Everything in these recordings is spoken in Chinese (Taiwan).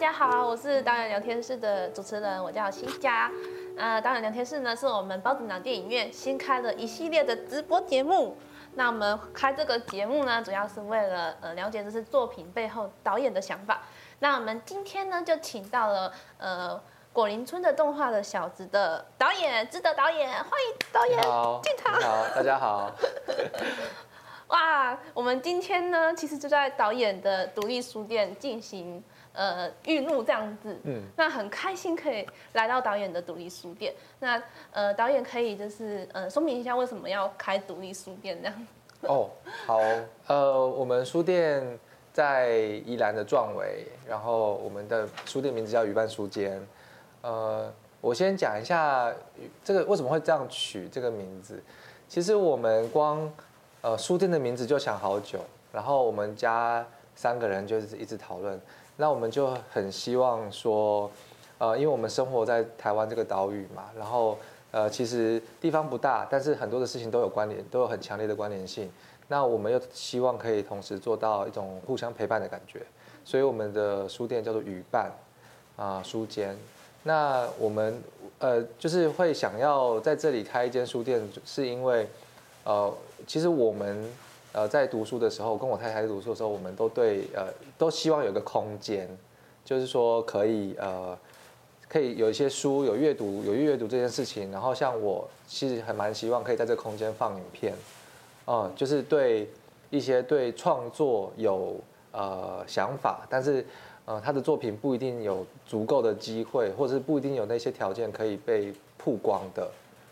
大家好，我是導演聊天室的主持人，我叫欣家。呃，導演聊天室呢，是我們孢子囊電影院新開的一系列的直播節目。那我們開這個節目呢，主要是為了呃了解這些作品背後導演的想法。那我們今天呢，就請到了呃《菓林村的動畫的小子》的導演——治德導演，歡迎導演進場。大家好。 哇，我們今天呢，其實就在導演的獨立書店進行。呃，玉露這樣子，嗯，那很開心可以來到導演的獨立書店。那呃，導演可以就是呃，說明一下為什麼要開獨立書店這樣。哦，好，呃，我們書店在宜蘭的壯圍，然後我們的書店名字叫嶼伴書間。呃，我先講一下這個為什麼會這樣取這個名字。其實我們光呃書店的名字就想好久，然後我們家三個人就是一直討論。那我們就很希望說，呃，因為我們生活在台灣這個島嶼嘛，然後呃，其實地方不大，但是很多的事情都有關聯，都有很強烈的關聯性。那我們又希望可以同時做到一種互相陪伴的感覺，所以我們的書店叫做“嶼伴”啊、呃、書間。那我們呃就是會想要在這裡開一間書店，是因為呃其實我們。呃，在讀書的時候，跟我太太在讀書的時候，我們都對呃，都希望有一個空間，就是說可以呃，可以有一些書，有閱讀，有閱讀這件事情。然後像我其實還蠻希望可以在這個空間放影片，嗯、呃，就是對一些對創作有呃想法，但是呃他的作品不一定有足夠的機會，或者是不一定有那些條件可以被曝光的。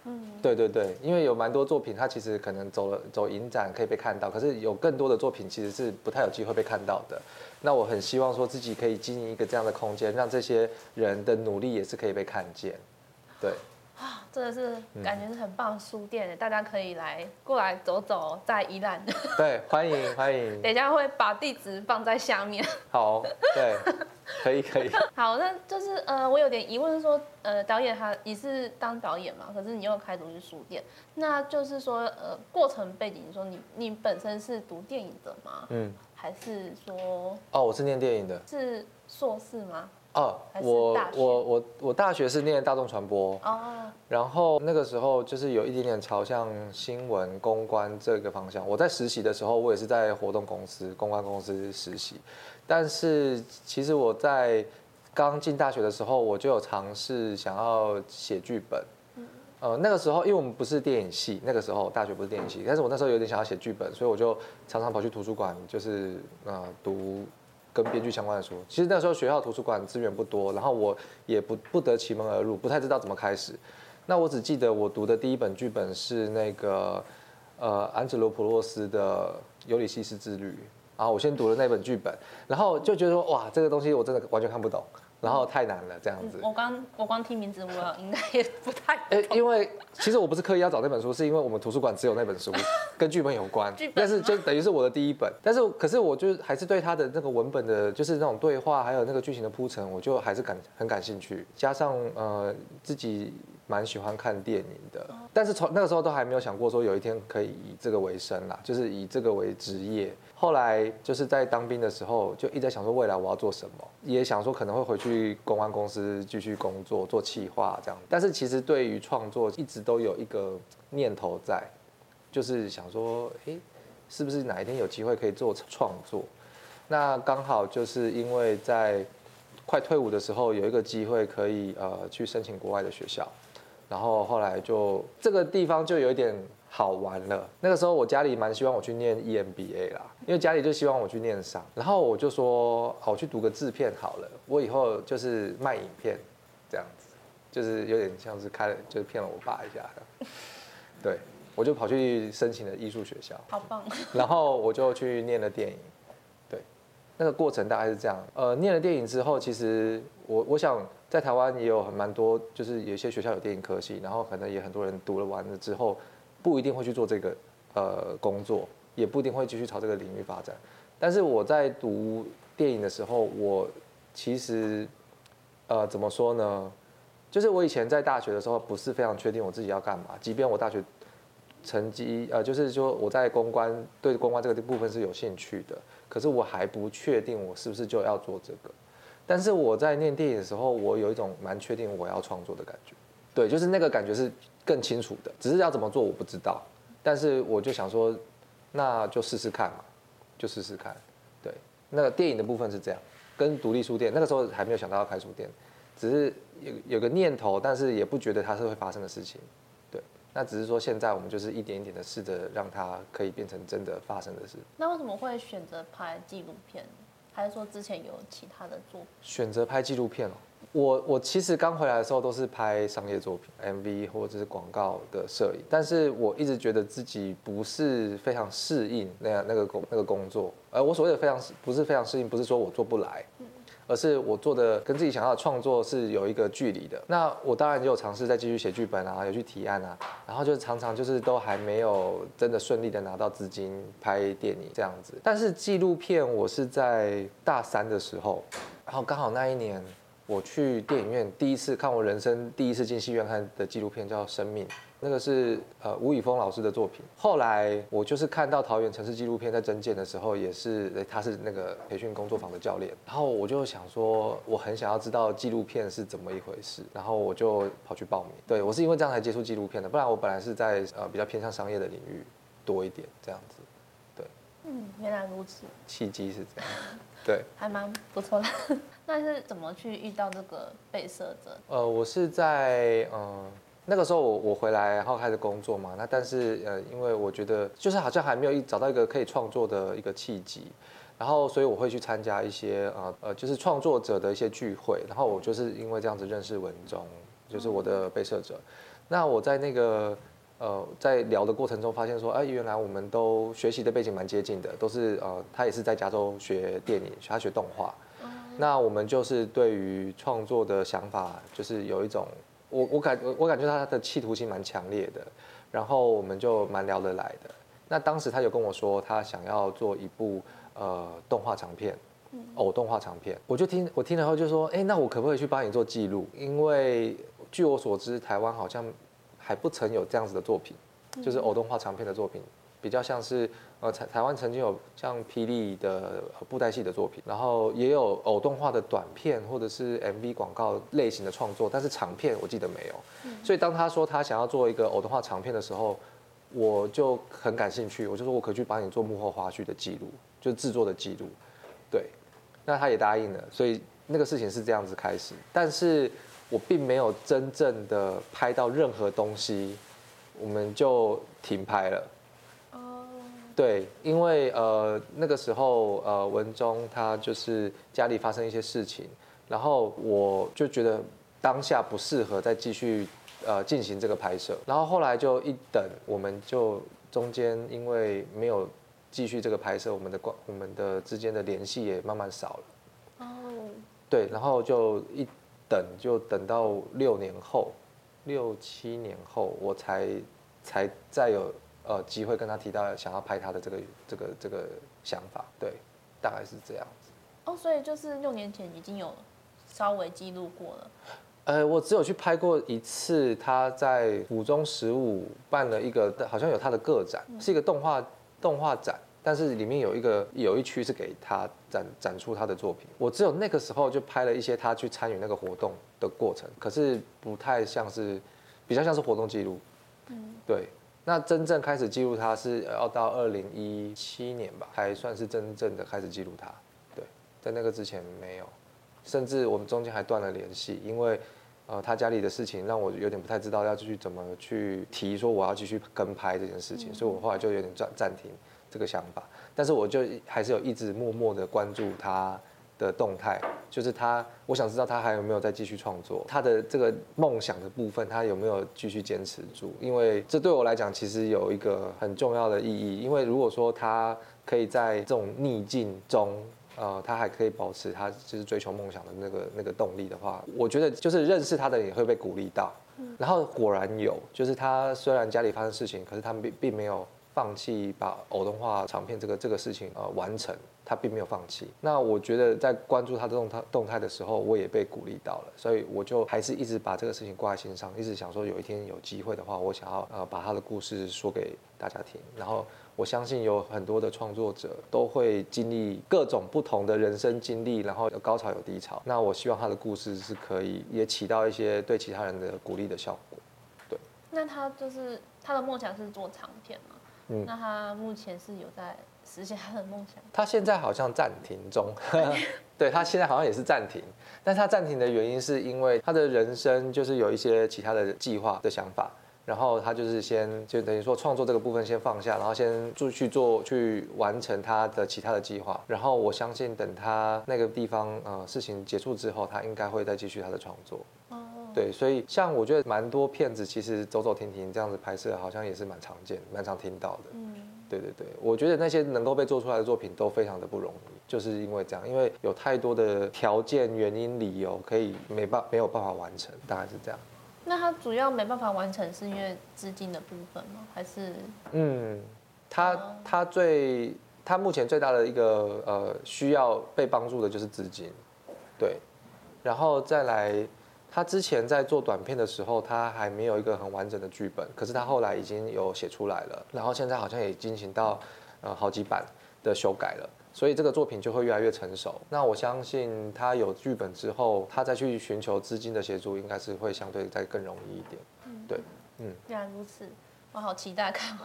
嗯、對對對，因為有蠻多作品，它其實可能走了走影展可以被看到，可是有更多的作品其實是不太有機會被看到的。那我很希望說自己可以經營一個這樣的空間，讓這些人的努力也是可以被看見。對，啊、哦，真的是感覺是很棒的書店，嗯，大家可以來過來走走，在宜蘭。對，歡迎歡迎。等一下會把地址放在下面。好，對。 可以可以。好，那就是呃，我有點疑問是說，說呃，導演他也是當導演嘛，可是你又開獨立書店，那就是說呃，過程背景，說你你本身是讀電影的嗎？嗯，還是說？哦，我是念電影的，是碩士嗎？哦、啊，還是大學？我我我我大學是念大眾傳播哦、啊，然後那個時候就是有一點點朝向新聞公關這個方向。我在實習的時候，我也是在活動公司、公關公司實習。但是其實我在剛進大學的時候，我就有嘗試想要寫劇本。嗯。呃，那個時候因為我們不是電影系，那個時候大學不是電影系，但是我那時候有點想要寫劇本，所以我就常常跑去圖書館，就是呃讀跟編劇相關的書。其實那個時候學校圖書館資源不多，然後我也不不得其門而入，不太知道怎麼開始。那我只記得我讀的第一本劇本是那個呃安哲羅普洛斯的《尤里西斯之旅》。啊，我先讀了那本劇本，然後就覺得說哇，這個東西我真的完全看不懂，然後太難了這樣子。嗯、我剛我光聽名字，我應該也不太不、欸。因為其實我不是刻意要找那本書，是因為我們圖書館只有那本書，跟劇本有關。 但是就等於是我的第一本，但是可是我就還是對它的那個文本的，就是那種對話還有那個劇情的鋪陳，我就還是感很感興趣。加上呃自己。蠻喜歡看電影的，但是從那個時候都還沒有想過說有一天可以以這個為生啦，就是以這個為職業。後來就是在當兵的時候，就一直在想說未來我要做什麼，也想說可能會回去公安公司繼續工作做企劃這樣。但是其實對於創作一直都有一個念頭在，就是想說，哎，是不是哪一天有機會可以做創作？那剛好就是因為在快退伍的時候有一個機會可以呃去申請國外的學校。然後後來就這個地方就有一點好玩了。那個時候我家裡蠻希望我去念 EMBA 啦，因為家裡就希望我去念商。然後我就說，好，去讀個製片好了，我以後就是賣影片，這樣子，就是有點像是開了，就是騙了我爸一下，對，我就跑去申請了藝術學校，好棒。然後我就去念了電影，對，那個過程大概是這樣。呃，念了電影之後，其實我我想。在台灣也有很蠻多，就是有些學校有電影科系，然後可能也很多人讀了完了之後，不一定會去做這個呃工作，也不一定會繼續朝這個領域發展。但是我在讀電影的時候，我其實呃怎麼說呢？就是我以前在大學的時候，不是非常確定我自己要幹嘛。即便我大學成績呃，就是說我在公關，對公關這個部分是有興趣的，可是我還不確定我是不是就要做這個。但是我在念電影的時候，我有一種蠻確定我要創作的感覺，對，就是那個感覺是更清楚的，只是要怎麼做我不知道。但是我就想說，那就試試看嘛，就試試看，對。那個電影的部分是這樣，跟獨立書店，那個時候還沒有想到要開書店，只是有有個念頭，但是也不覺得它是會發生的事情，對。那只是說現在我們就是一點一點的試着讓它可以變成真的發生的事。那為什麼會選擇拍紀錄片？還是說之前有其他的作品？選擇拍紀錄片喔。我我其實剛回來的時候都是拍商業作品、MV 或者是廣告的攝影，但是我一直覺得自己不是非常適應那樣那個工那個工作。呃，我所謂的非常不是非常適應，不是說我做不來。而是我做的跟自己想要的創作是有一個距離的，那我當然也有嘗試再繼續寫劇本啊，有去提案啊，然後就常常就是都還沒有真的順利的拿到資金拍電影這樣子。但是紀錄片我是在大三的時候，然後剛好那一年。我去電影院第一次看我人生第一次進戲院看的紀錄片叫《生命》，那個是呃吳宇峰老師的作品。後來我就是看到桃園城市紀錄片在徵件的時候，也是，哎，他是那個培訓工作坊的教練。然後我就想說，我很想要知道紀錄片是怎麼一回事，然後我就跑去報名。對，我是因為這樣才接觸紀錄片的，不然我本來是在呃比較偏向商業的領域多一點這樣子。嗯，原來如此，契機是這樣，對，還蠻不錯的。 那是怎麼去遇到這個被攝者？呃，我是在嗯、呃，那個時候我我回來，然後開始工作嘛。那但是呃，因為我覺得就是好像還沒有找到一個可以創作的一個契機，然後所以我會去參加一些呃呃就是創作者的一些聚會，然後我就是因為這樣子認識文中就是我的被攝者、嗯。那我在那個。呃，在聊的過程中發現說，哎、欸，原來我們都學習的背景蠻接近的，都是呃，他也是在加州學電影，他學動畫、嗯。那我們就是對於創作的想法，就是有一種，我我感我感覺他的企圖心蠻強烈的，然後我們就蠻聊得來的。那當時他有跟我說，他想要做一部呃動畫長片，哦、嗯，偶動畫長片，我就聽我聽了後就說，哎、欸，那我可不可以去幫你做記錄？因為據我所知，台灣好像。還不曾有這樣子的作品，就是偶動畫長片的作品，比較像是呃台台灣曾經有像霹靂的布袋戲的作品，然後也有偶動畫的短片或者是 MV 廣告類型的創作，但是長片我記得沒有。所以當他說他想要做一個偶動畫長片的時候，我就很感興趣，我就說我可以去幫你做幕後花絮的記錄，就是制作的記錄。對，那他也答應了，所以那個事情是這樣子開始，但是。我並沒有真正的拍到任何東西，我們就停拍了。對，因為呃那個時候呃文中他就是家裡發生一些事情，然後我就覺得當下不適合再繼續呃進行這個拍攝，然後後來就一等，我們就中間因為沒有繼續這個拍攝，我們的關我們的之間的聯繫也慢慢少了。哦，對，然後就一。等就等到六年後，六七年後我才才再有呃機會跟他提到想要拍他的這個這個這個想法，對，大概是這樣子。哦，所以就是六年前已經有稍微記錄過了。呃，我只有去拍過一次，他在府中十五辦了一個，好像有他的個展，嗯、是一個動畫動畫展。但是裡面有一個有一區是給他展展出他的作品，我只有那個時候就拍了一些他去參與那個活動的過程，可是不太像是，比較像是活動記錄。嗯，對。那真正開始記錄他是要到二零一七年吧，才算是真正的開始記錄他。對，在那個之前沒有，甚至我們中間還斷了聯繫，因為呃他家裡的事情讓我有點不太知道要繼續怎麼去提說我要繼續跟拍這件事情，嗯，所以我後來就有點暫暫停。這個想法，但是我就還是有一直默默的關注他的動態，就是他，我想知道他還有沒有再繼續創作，他的這個夢想的部分，他有沒有繼續堅持住？因為這對我來講其實有一個很重要的意義，因為如果說他可以在這種逆境中，呃，他還可以保持他就是追求夢想的那個那個動力的話，我覺得就是認識他的也會被鼓勵到。然後果然有，就是他雖然家裡發生事情，可是他們並並沒有。放棄把偶動畫長片這個這個事情呃完成，他並沒有放棄。那我覺得在關注他的動態動態的時候，我也被鼓勵到了，所以我就還是一直把這個事情掛在心上，一直想說有一天有機會的話，我想要呃把他的故事說給大家聽。然後我相信有很多的創作者都會經歷各種不同的人生經歷，然後有高潮有低潮。那我希望他的故事是可以也起到一些對其他人的鼓勵的效果。對，那他就是他的夢想是做長片嗎？嗯，那他目前是有在實現他的夢想。他現在好像暫停中 對，對，他現在好像也是暫停。但他暫停的原因是因為他的人生就是有一些其他的計劃的想法，然後他就是先就等於說，創作這個部分先放下，然後先做去做去完成他的其他的計劃。然後我相信等他那個地方呃事情結束之後，他應該會再繼續他的創作。對，所以像我覺得蠻多片子，其實走走停停這樣子拍攝，好像也是蠻常見的、蠻常聽到的。嗯，對對對，我覺得那些能夠被做出來的作品都非常的不容易，就是因為這樣，因為有太多的條件、原因、理由可以沒辦沒有辦法完成，大概是這樣。那他主要沒辦法完成是因為資金的部分嗎？還是？嗯，他他最他目前最大的一個呃需要被幫助的就是資金，對，然後再來。他之前在做短片的時候，他還沒有一個很完整的劇本，可是他後來已經有寫出來了，然後現在好像也進行到，呃，好幾版的修改了，所以這個作品就會越來越成熟。那我相信他有劇本之後，他再去尋求資金的協助，應該是會相對再更容易一點。對，嗯。既然如此，我好期待看，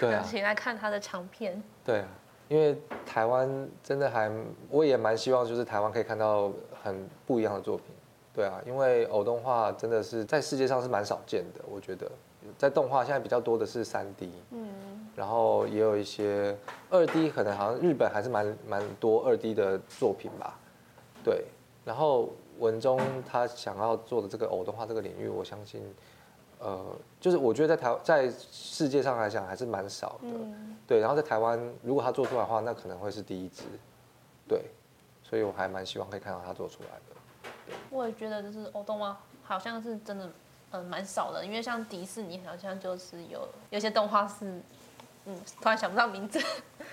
對啊，請來看他的長片。對啊，因為台灣真的還，我也蠻希望就是台灣可以看到很不一樣的作品。對啊，因為偶動畫真的是在世界上是蠻少見的，我覺得在動畫現在比較多的是三 D，嗯，然後也有一些二 D，可能好像日本還是蠻蠻多二 D 的作品吧，對，然後文中他想要做的這個偶動畫這個領域，我相信，呃，就是我覺得在台在世界上來講還是蠻少的，嗯，對，然後在台灣如果他做出來的話，那可能會是第一支，對，所以我還蠻希望可以看到他做出來的。我也覺得就是偶動畫，好像是真的，嗯、呃，蠻少的。因為像迪士尼好像就是有有些動畫是，嗯，突然想不到名字。呵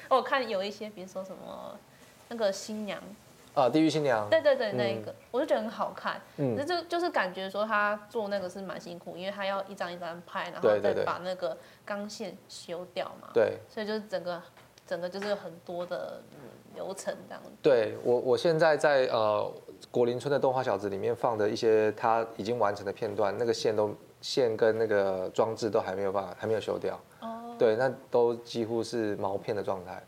呵，我看有一些，比如說什麼那個新娘啊，地獄新娘，對對對、嗯，那一個，我就覺得很好看。嗯，是就是就是感覺說他做那個是蠻辛苦，因為他要一張一張拍，然後再把那個鋼線修掉嘛。對，對，對，所以就是整個整個就是很多的、嗯、流程這樣子。對，我我現在在呃。菓林村的動畫小子裡面放的一些他已經完成的片段，那個線都線跟那個裝置都還沒有辦法，還沒有修掉。哦、oh.，對，那都幾乎是毛片的狀態。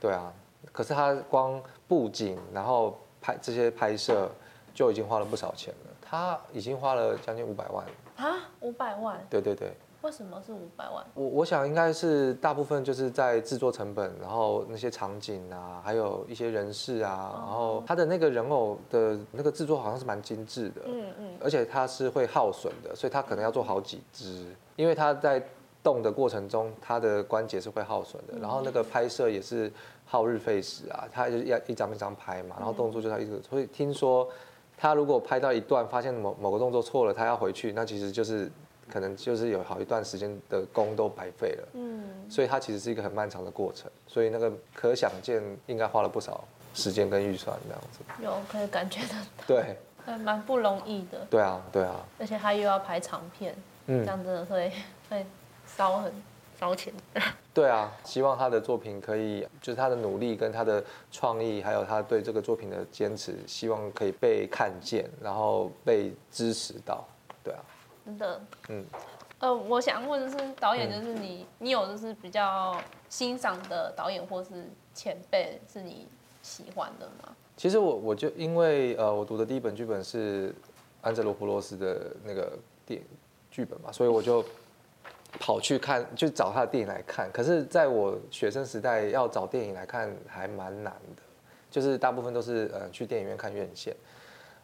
對啊，可是他光布景，然後拍這些拍攝就已經花了不少錢了。他已經花了將近五百萬。啊，五百萬。對對對。為什麼是五百萬？我我想應該是大部分就是在製作成本，然後那些場景啊，還有一些人事啊，然後他的那個人偶的那個製作好像是蠻精致的，嗯嗯，而且他是會耗損的，所以他可能要做好幾只，因為他在動的過程中，他的關節是會耗損的，然後那個拍攝也是耗日費時啊，他就是要一張一張拍嘛，然後動作就他一直、嗯，所以聽說他如果拍到一段發現某某個動作錯了，他要回去，那其實就是。可能就是有好一段時間的工都白費了，嗯，所以它其實是一個很漫長的過程，所以那個可想見應該花了不少時間跟預算這樣子，有，有可以感覺得到，對，還蠻不容易的，對啊對啊，而且他又要拍長片，嗯，這樣子的會會燒很燒錢，對啊，希望他的作品可以就是他的努力跟他的創意，還有他對這個作品的堅持，希望可以被看見，然後被支持到，對啊。真的，嗯，呃，我想，問的是導演，就是你，嗯、你有就是比較欣賞的導演，或是前輩，是你喜歡的嗎？其實我我就因為呃，我讀的第一本劇本是安哲羅普洛斯的那個電影劇本嘛，所以我就跑去看，就找他的電影來看。可是，在我學生時代要找電影來看還蠻難的，就是大部分都是呃去電影院看院線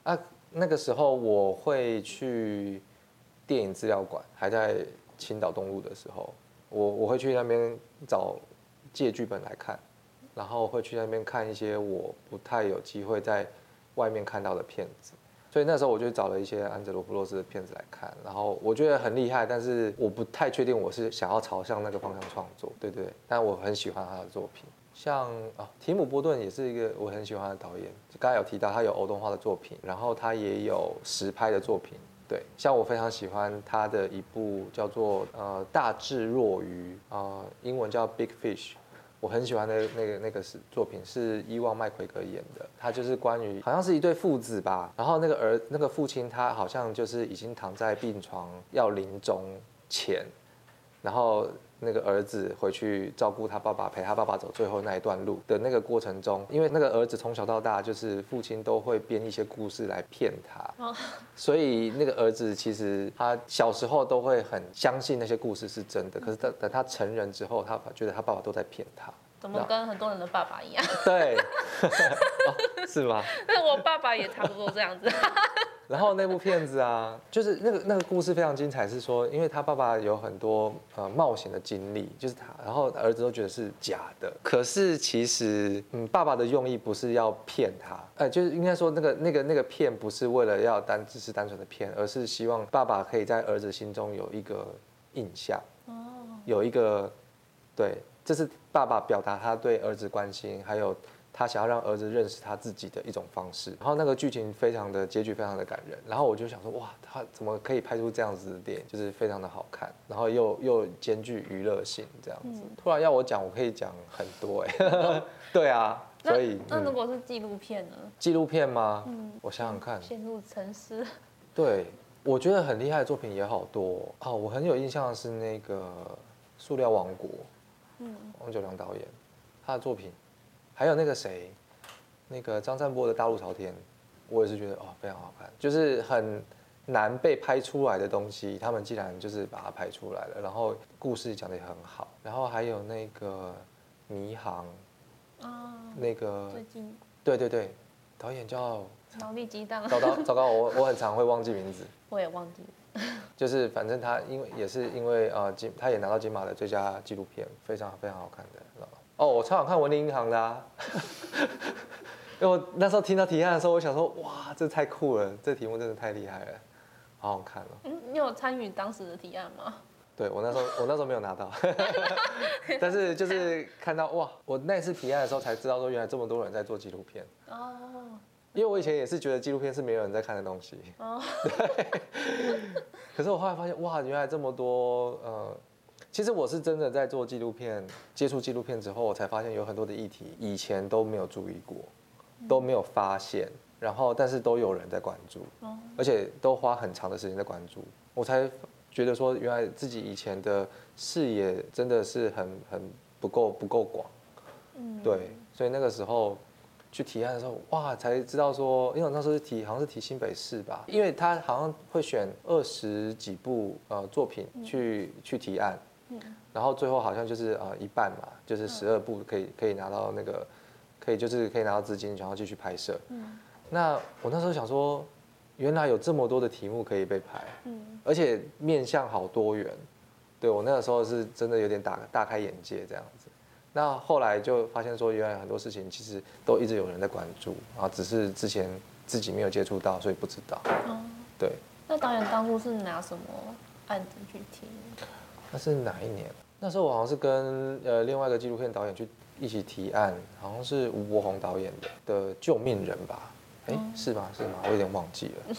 啊。那個時候我會去。電影資料館還在青島東路的時候，我我會去那邊找借劇本來看，然後會去那邊看一些我不太有機會在外面看到的片子，所以那時候我就找了一些安哲羅普洛斯的片子來看，然後我覺得很厲害，但是我不太確定我是想要朝向那個方向創作，對對，但我很喜歡他的作品，像啊，提姆波頓也是一個我很喜歡的導演，剛才有提到他有偶動畫的作品，然後他也有實拍的作品。對，像我非常喜歡他的一部叫做呃《大智若愚》啊、呃，英文叫《Big Fish》，我很喜歡的那個那個是作品是伊旺麥奎格演的，他就是關於好像是一對父子吧，然後那個兒那個父親他好像就是已經躺在病床要臨終前，然後。那個兒子回去照顧他爸爸，陪他爸爸走最後那一段路的那個過程中，因為那個兒子從小到大就是父親都會編一些故事來騙他，所以那個兒子其實他小時候都會很相信那些故事是真的。可是等他成人之後，他覺得他爸爸都在騙他，怎麼跟很多人的爸爸一樣？ 對， 哦、是嗎？ 那我爸爸也差不多這樣子。 然後那部片子啊，就是那個那個故事非常精彩，是說，因為他爸爸有很多呃冒險的經歷，就是他，然後兒子都覺得是假的，可是其實，嗯，爸爸的用意不是要騙他，呃、哎，就是應該說那個那個那個騙不是為了要單只是單純的騙，而是希望爸爸可以在兒子心中有一個印象，哦，有一個，對，這是爸爸表達他對兒子關心，還有。他想要讓兒子認識他自己的一種方式，然後那個劇情非常的結局非常的感人，然後我就想說哇，他怎麼可以拍出這樣子的電影，就是非常的好看，然後又又兼具娛樂性這樣子。突然要我講，我可以講很多哎、欸，對啊，所以那如果是紀錄片呢？紀錄片嗎？嗯，我想想看。陷入沉思。對，我覺得很厲害的作品也好多啊、哦，我很有印象的是那個《塑料王國》，嗯，王久良導演，他的作品。還有那個誰，那個張贊波的《大路朝天》，我也是覺得哦非常好看，就是很難被拍出來的東西，他們既然就是把它拍出來了。然後故事講得也很好。然後還有那個《迷航》哦，啊，那個最近，對對對，導演叫腦力雞盪，糟糕糟糕，我我很常會忘記名字，我也忘記了，就是反正他因為也是因為呃金，他也拿到金馬的最佳紀錄片，非常非常好看的，知道嗎？哦，我超想看文林銀行的啊，因為我那時候聽到提案的時候，我想說，哇，這太酷了，這題目真的太厲害了，好好看了哦。嗯，你有參與當時的提案嗎？對，我那時候，我那時候沒有拿到，但是就是看到，哇，我那次提案的時候才知道說，原來這麼多人在做紀錄片。哦。因為我以前也是覺得紀錄片是沒有人在看的東西。哦。對。可是我後來發現，哇，原來這麼多呃。其實我是真的在做紀錄片，接觸紀錄片之後，我才發現有很多的議題以前都沒有注意過，都沒有發現，然後但是都有人在關注，而且都花很長的時間在關注，我才覺得說原來自己以前的視野真的是很很不夠不夠廣，嗯，對，所以那個時候去提案的時候，哇，才知道說，因為我那時候提好像是提新北市吧，因為他好像會選二十幾部呃作品去去提案。嗯、然後最後好像就是啊、呃、一半嘛，就是十二部可以、嗯、可以可以拿到那個，可以就是可以拿到資金，想要繼續拍攝。嗯，那我那時候想說，原來有這麼多的題目可以被拍，嗯，而且面向好多元，對，我那個時候是真的有點大大開眼界這樣子。那後來就發現說，原來很多事情其實都一直有人在關注，啊、嗯，只是之前自己沒有接觸到，所以不知道。嗯、對。那導演當初是拿什麼案子去聽？那是哪一年啊？那時候我好像是跟呃另外一個紀錄片導演去一起提案，好像是吳伯宏導演的的《救命人》吧？哎、欸，是嗎？是嗎？我有點忘記了。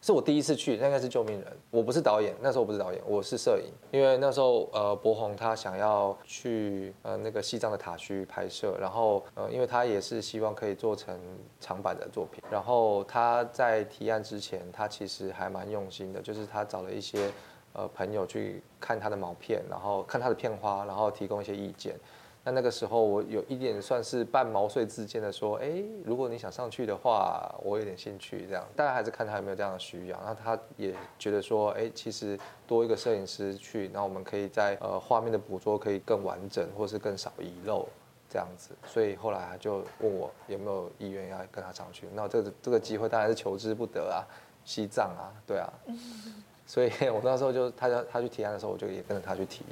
是我第一次去，那應該是《救命人》。我不是導演，那時候我不是導演，我是攝影。因為那時候呃，伯宏他想要去呃那個西藏的塔區拍攝，然後呃，因為他也是希望可以做成長版的作品。然後他在提案之前，他其實還蠻用心的，就是他找了一些。呃，朋友去看他的毛片，然後看他的片花，然後提供一些意見。那那個時候我有一點算是半毛遂自薦的，說：哎，如果你想上去的話，我有點興趣。這樣，大家還是看他有沒有這樣的需要。那他也覺得說：哎，其實多一個攝影師去，那我們可以在呃畫面的捕捉可以更完整，或是更少遺漏，這樣子。所以後來他就問我有沒有意願要跟他上去。那這個、這個機會當然是求之不得啊，西藏啊，對啊。嗯所以我那時候就，他叫他去提案的時候，我就也跟着他去提。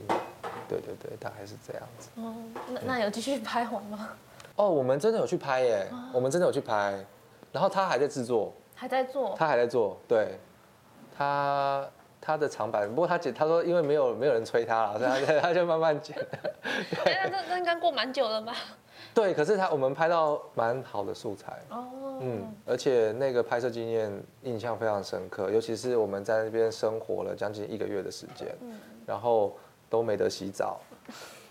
對對對，對，大概是這樣子，嗯。哦，那那有繼續拍完嗎？哦，我們真的有去拍耶，我們真的有去拍。然後他還在製作，還在做，他還在做。對，他他的長版，不過他剪，他說因為沒有沒有人催他了，所以他就慢慢剪。那那應該過蠻久了吧？對，可是他我們拍到蠻好的素材哦，oh. 嗯，而且那個拍攝經驗印象非常深刻，尤其是我們在那邊生活了將近一個月的時間，oh. 然後都沒得洗澡，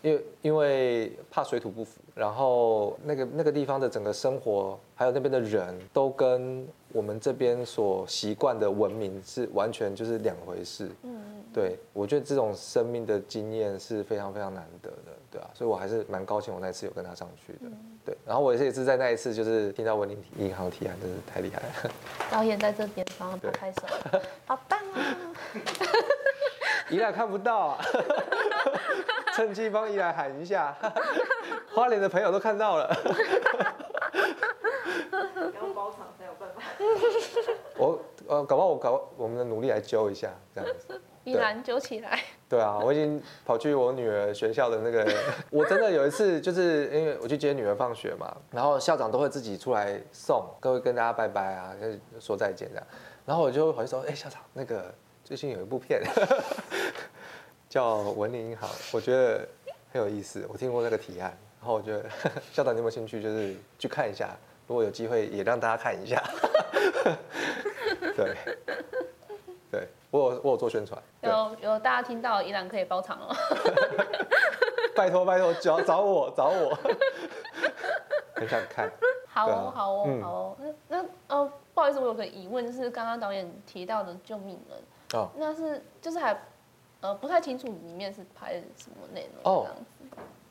因為因為怕水土不服，然後那個那個地方的整個生活還有那邊的人都跟我們這邊所習慣的文明是完全就是兩回事，嗯、oh.，對，我覺得這種生命的經驗是非常非常難得的。所以我還是蠻高興，我那一次有跟他上去的。嗯。對，然後我也是在那一次，就是聽到文林提銀行提案，真是太厲害了。導演在這邊幫他拍手，好棒啊！宜蘭看不到啊， 趁機幫宜蘭喊一下。 花蓮的朋友都看到了，然後包場才有辦法。 我呃，搞不好我搞，我們的努力來揪一下，這樣宜蘭揪起來。對啊，我已經跑去我女兒學校的那個，我真的有一次就是因為我去接女兒放學嘛，然後校長都會自己出來送，都會跟大家拜拜啊，跟說再見這樣，然後我就跑會去會說，哎、欸，校長，那個最近有一部片呵呵叫《文林銀行》，我覺得很有意思，我聽過那個提案，然後我覺得呵呵校長你有沒有興趣，就是去看一下，如果有機會也讓大家看一下，對。我有我有做宣傳，有有大家聽到宜蘭可以包場哦 拜託拜託，找找我找我，找我 很想看。好哦、啊、好哦、嗯、好哦，那那哦，不好意思，我有個疑問，就是剛剛導演提到的救命人哦，那是就是還、呃、不太清楚裡面是拍什麼內容哦這樣子。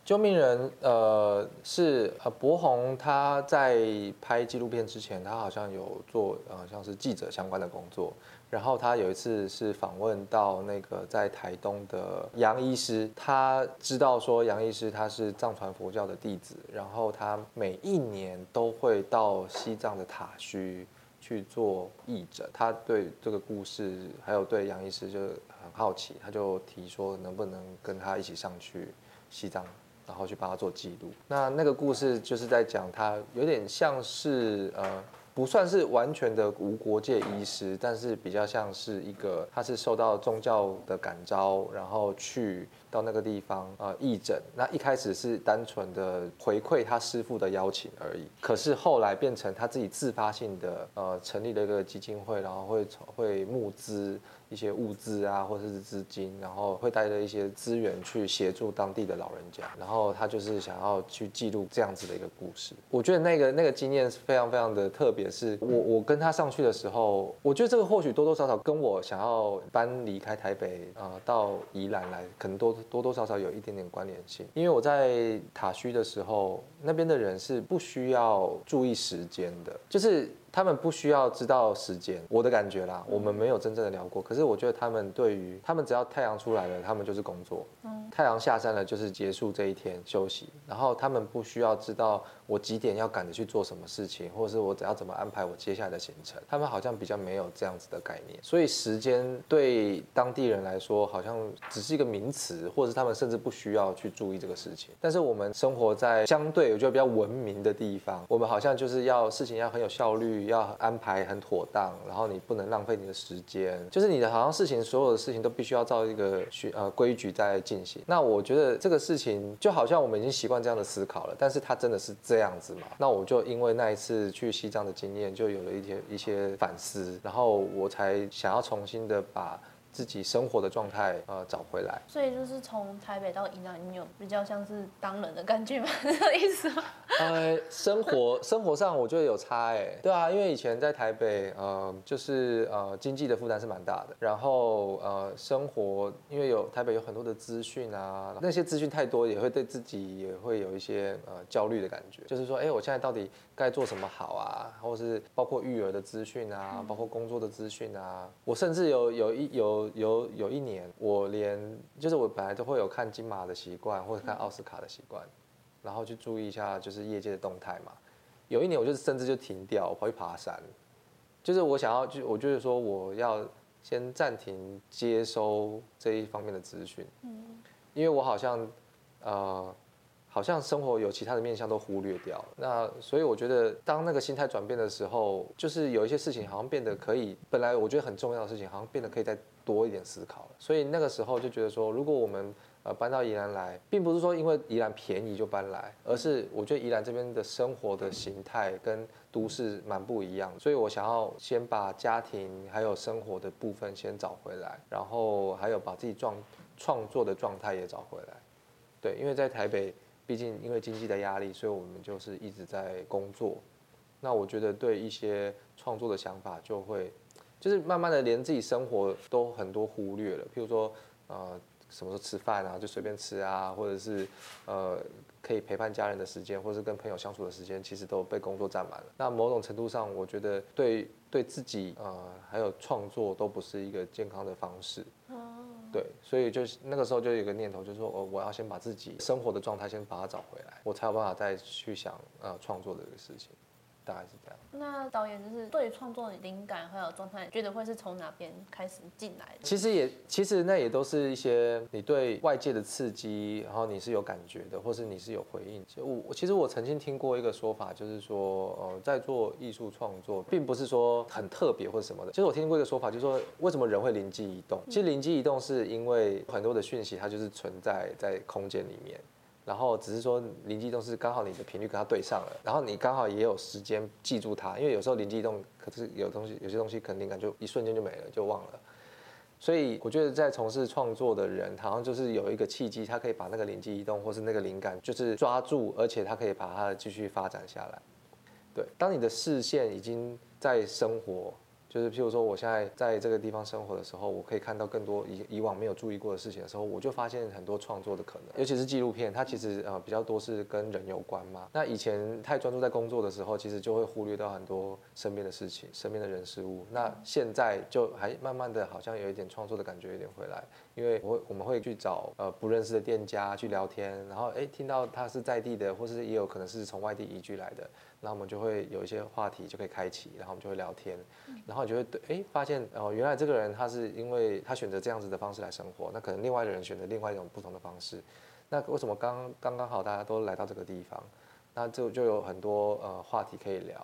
救命人呃是呃博宏他在拍紀錄片之前，他好像有做好、呃、像是記者相關的工作。然後他有一次是訪問到那個在台東的楊醫師，他知道說楊醫師他是藏傳佛教的弟子，然後他每一年都會到西藏的塔須去做義診。他對這個故事還有對楊醫師就很好奇，他就提說能不能跟他一起上去西藏，然後去幫他做記錄。那那個故事就是在講他有點像是呃。不算是完全的無國界醫師，但是比較像是一個，他是受到宗教的感召，然後去。到那個地方啊，呃，義診。那一開始是單純的回饋他師父的邀請而已，可是後來變成他自己自發性的呃，成立了一個基金會，然後會會募資一些物資啊，或者是資金，然後會帶着一些資源去協助當地的老人家。然後他就是想要去記錄這樣子的一個故事。我覺得那個那個經驗是非常非常的特別。是我我跟他上去的時候，我覺得這個或許多多少少跟我想要搬離開台北啊，呃，到宜蘭來，可能多。多多少少有一點點關聯性，因為我在塔虛的時候，那邊的人是不需要注意時間的，就是。他們不需要知道時間，我的感覺啦，我們沒有真正的聊過。可是我覺得他們對於他們只要太陽出來了，他們就是工作；太陽下山了就是結束這一天休息。然後他們不需要知道我幾點要趕着去做什麼事情，或者是我只要怎麼安排我接下來的行程。他們好像比較沒有這樣子的概念，所以時間對當地人來說好像只是一個名詞，或者是他們甚至不需要去注意這個事情。但是我們生活在相對我覺得比較文明的地方，我們好像就是要事情要很有效率。要安排很妥當，然後你不能浪費你的時間，就是你的好像事情，所有的事情都必須要照一個規呃規矩在進行。那我覺得這個事情就好像我們已經習慣這樣的思考了，但是它真的是這樣子嘛？那我就因為那一次去西藏的經驗，就有了一些一些反思，然後我才想要重新的把。自己生活的狀態呃找回來，所以就是從台北到宜蘭，你有比較像是當人的感覺嗎？ 這個意思嗎？呃、生活生活上我覺得有差哎、欸，對啊，因為以前在台北呃就是呃經濟的負擔是蠻大的，然後呃生活因為有台北有很多的資訊啊，那些資訊太多也會對自己也會有一些呃焦慮的感覺，就是說哎、欸、我現在到底該做什麼好啊？或是包括育兒的資訊啊、嗯，包括工作的資訊啊，我甚至有有一有。有有有有一年，我連就是我本來都會有看金馬的習慣，或者看奧斯卡的習慣，然後去注意一下就是業界的動態嘛。有一年，我就是甚至就停掉，我跑去爬山，就是我想要，就我就是說我要先暫停接收這一方面的資訊，嗯，因為我好像呃好像生活有其他的面向都忽略掉。那所以我覺得，當那個心態轉變的時候，就是有一些事情好像變得可以，本來我覺得很重要的事情，好像變得可以在。多一點思考了，所以那個時候就覺得說，如果我們呃搬到宜蘭來，並不是說因為宜蘭便宜就搬來，而是我覺得宜蘭這邊的生活的形態跟都市蠻不一樣，所以我想要先把家庭還有生活的部分先找回來，然後還有把自己狀創作的狀態也找回來。對，因為在台北，畢竟因為經濟的壓力，所以我們就是一直在工作。那我覺得對一些創作的想法就會。就是慢慢的連自己生活都很多忽略了，譬如說，呃，什麼時候吃飯啊，就隨便吃啊，或者是，呃，可以陪伴家人的時間，或者是跟朋友相處的時間，其實都被工作占滿了。那某種程度上，我覺得對對自己，呃，還有創作都不是一個健康的方式。哦。對，所以就是那個時候就有一個念頭，就是說，哦，我我要先把自己生活的狀態先把它找回來，我才有辦法再去想呃創作的這個事情。大概是這樣？那導演就是對於創作的靈感還有狀態，覺得會是從哪邊開始進來的？其實也，其實那也都是一些你對外界的刺激，然後你是有感覺的，或是你是有回應。其實我，其實我曾經聽過一個說法，就是說，呃，在做藝術創作，並不是說很特別或什麼的。其實我聽過一個說法，就是說為什麼人會靈機一動？其實靈機一動是因為很多的訊息它就是存在在空間裡面。然後只是說靈機一動是剛好你的頻率跟它對上了，然後你剛好也有時間記住它，因為有時候靈機一動，可是有東西，有些東西可能靈感就一瞬間就沒了，就忘了，所以我覺得在從事創作的人，好像就是有一個契機，他可以把那個靈機一動或是那個靈感就是抓住，而且他可以把它繼續發展下來。對，當你的視線已經在生活。就是譬如說，我現在在這個地方生活的時候，我可以看到更多以以往沒有注意過的事情的時候，我就發現很多創作的可能，尤其是紀錄片，它其實呃比較多是跟人有關嘛。那以前太專注在工作的時候，其實就會忽略到很多身邊的事情、身邊的人事物。那現在就還慢慢的，好像有一點創作的感覺，有點回來。因為我會，我們會去找呃不認識的店家去聊天，然後哎，聽到他是在地的，或是也有可能是從外地移居來的，那我們就會有一些話題就可以開啟，然後我們就會聊天，然後你就會對哎，發現哦，呃，原來這個人他是因為他選擇這樣子的方式來生活，那可能另外的人選擇另外一種不同的方式，那為什麼剛剛剛好大家都來到這個地方，那就就有很多呃話題可以聊。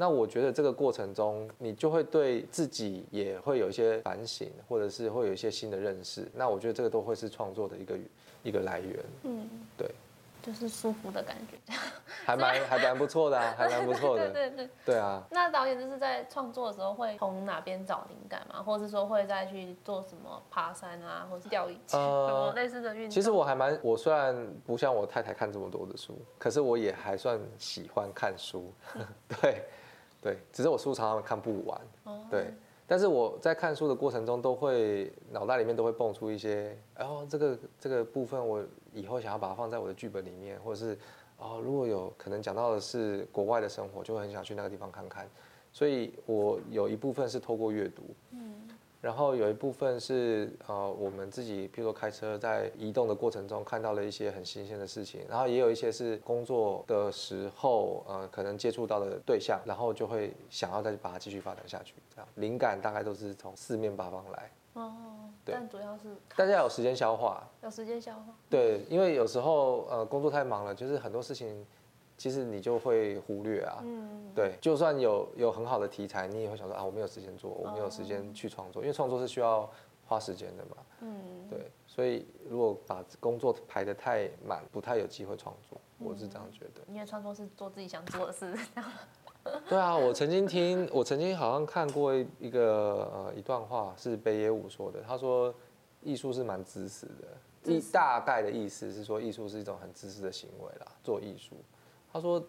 那我覺得這個過程中，你就會對自己也會有一些反省，或者是會有一些新的認識。那我覺得這個都會是創作的一個一個來源。嗯，對，就是舒服的感覺，還蠻還蠻不錯的、啊，還蠻不錯的。對對對對，對，對啊。那導演就是在創作的時候會從哪邊找靈感嘛？或者是說會再去做什麼爬山啊，或是釣魚、呃、什麼類似的運動？其實我還蠻……我雖然不像我太太看這麼多的書，可是我也還算喜歡看書。嗯、 對。對，只是我書常常看不完，哦，對，但是我在看書的過程中，都會腦袋裡面都會蹦出一些，哦，然後這個這個部分，我以後想要把它放在我的劇本裡面，或者是，哦，如果有可能講到的是國外的生活，就會很想去那個地方看看，所以我有一部分是透過閱讀。嗯然後有一部分是呃，我們自己，譬如說開車在移動的過程中看到了一些很新鮮的事情，然後也有一些是工作的時候，呃，可能接觸到的對象，然後就會想要再去把它繼續發展下去。這樣靈感大概都是從四面八方來。哦，對，但主要是大家有時間消化，有時間消化。對，因為有時候呃，工作太忙了，就是很多事情。其實你就會忽略啊，嗯，對，就算有有很好的題材，你也會想說啊，我沒有時間做，我沒有時間去創作，因為創作是需要花時間的嘛，嗯，對，所以如果把工作排得太滿，不太有機會創作，我是這樣覺得。嗯、因為創作是做自己想做的事，對啊，我曾經聽，我曾經好像看過一個呃一段話是北野武說的，他說藝術是蠻知識的，識一大概的意思是說藝術是一種很知識的行為啦，做藝術。他說，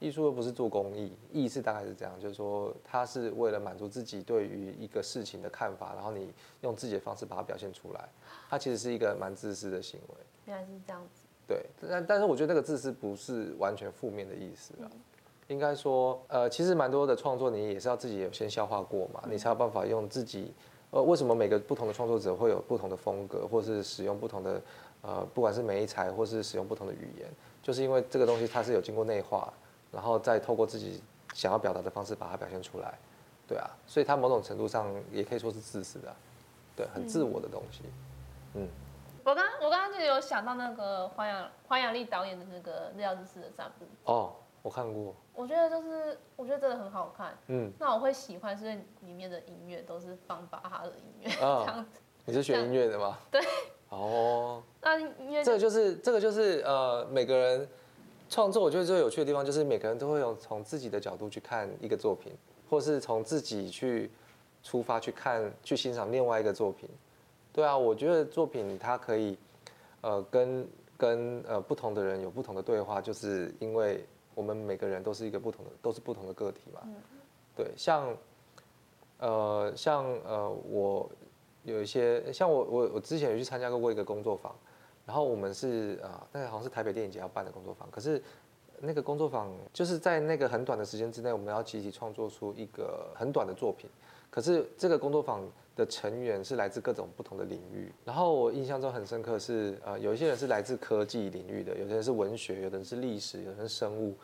藝術又不是做公益，意思大概是這樣，就是說，他是為了滿足自己對於一個事情的看法，然後你用自己的方式把它表現出來，他其實是一個蠻自私的行為。原來是這樣子。對，但但是我覺得這個自私不是完全負面的意思、啊嗯、應該說，呃，其實蠻多的創作你也是要自己先消化過嘛、嗯，你才有辦法用自己，呃，為什麼每個不同的創作者會有不同的風格，或是使用不同的，呃，不管是媒材或是使用不同的語言。就是因為這個東西它是有經過內化，然後再透過自己想要表達的方式把它表現出來，對啊，所以它某種程度上也可以說是自私的，對，很自我的東西，嗯。嗯，我剛我剛剛就有想到那個黃亞黃亞歷導演的那個《日曜日式的散步》哦，我看過。我覺得就是我覺得真的很好看，嗯。那我會喜歡，是因為裡面的音樂都是放巴哈的音樂，哦，這樣子。你是學音樂的嗎？對。哦、oh, 啊，那這就是這個就是、這個就是、呃，每個人創作我覺得最有趣的地方，就是每個人都會有從自己的角度去看一個作品，或是從自己去出發去看、去欣賞另外一個作品。對啊，我覺得作品它可以呃跟跟呃不同的人有不同的對話，就是因為我們每個人都是一個不同的、都是不同的個體嘛。對，像呃像呃我。有一些像我，我我之前有去參加過過一個工作坊，然後我們是啊，但是好像是台北電影節要辦的工作坊，可是那個工作坊就是在那個很短的時間之內，我們要集體創作出一個很短的作品。可是這個工作坊的成員是來自各種不同的領域，然後我印象中很深刻是，呃，有一些人是來自科技領域的，有些人是文學，有的人是歷史，有的人生物，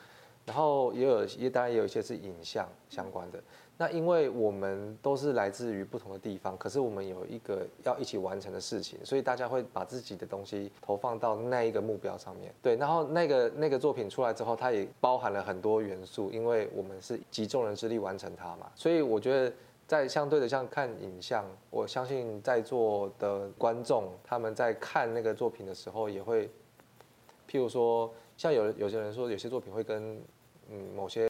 然後也有，也當然也有一些是影像相關的。那因為我們都是來自於不同的地方，可是我們有一個要一起完成的事情，所以大家會把自己的東西投放到那一個目標上面。對，然後那個那個作品出來之後，它也包含了很多元素，因為我們是集眾人之力完成它嘛。所以我覺得，在相對的像看影像，我相信在座的觀眾他們在看那個作品的時候，也會，譬如說，像有有些人說有些作品會跟嗯某些。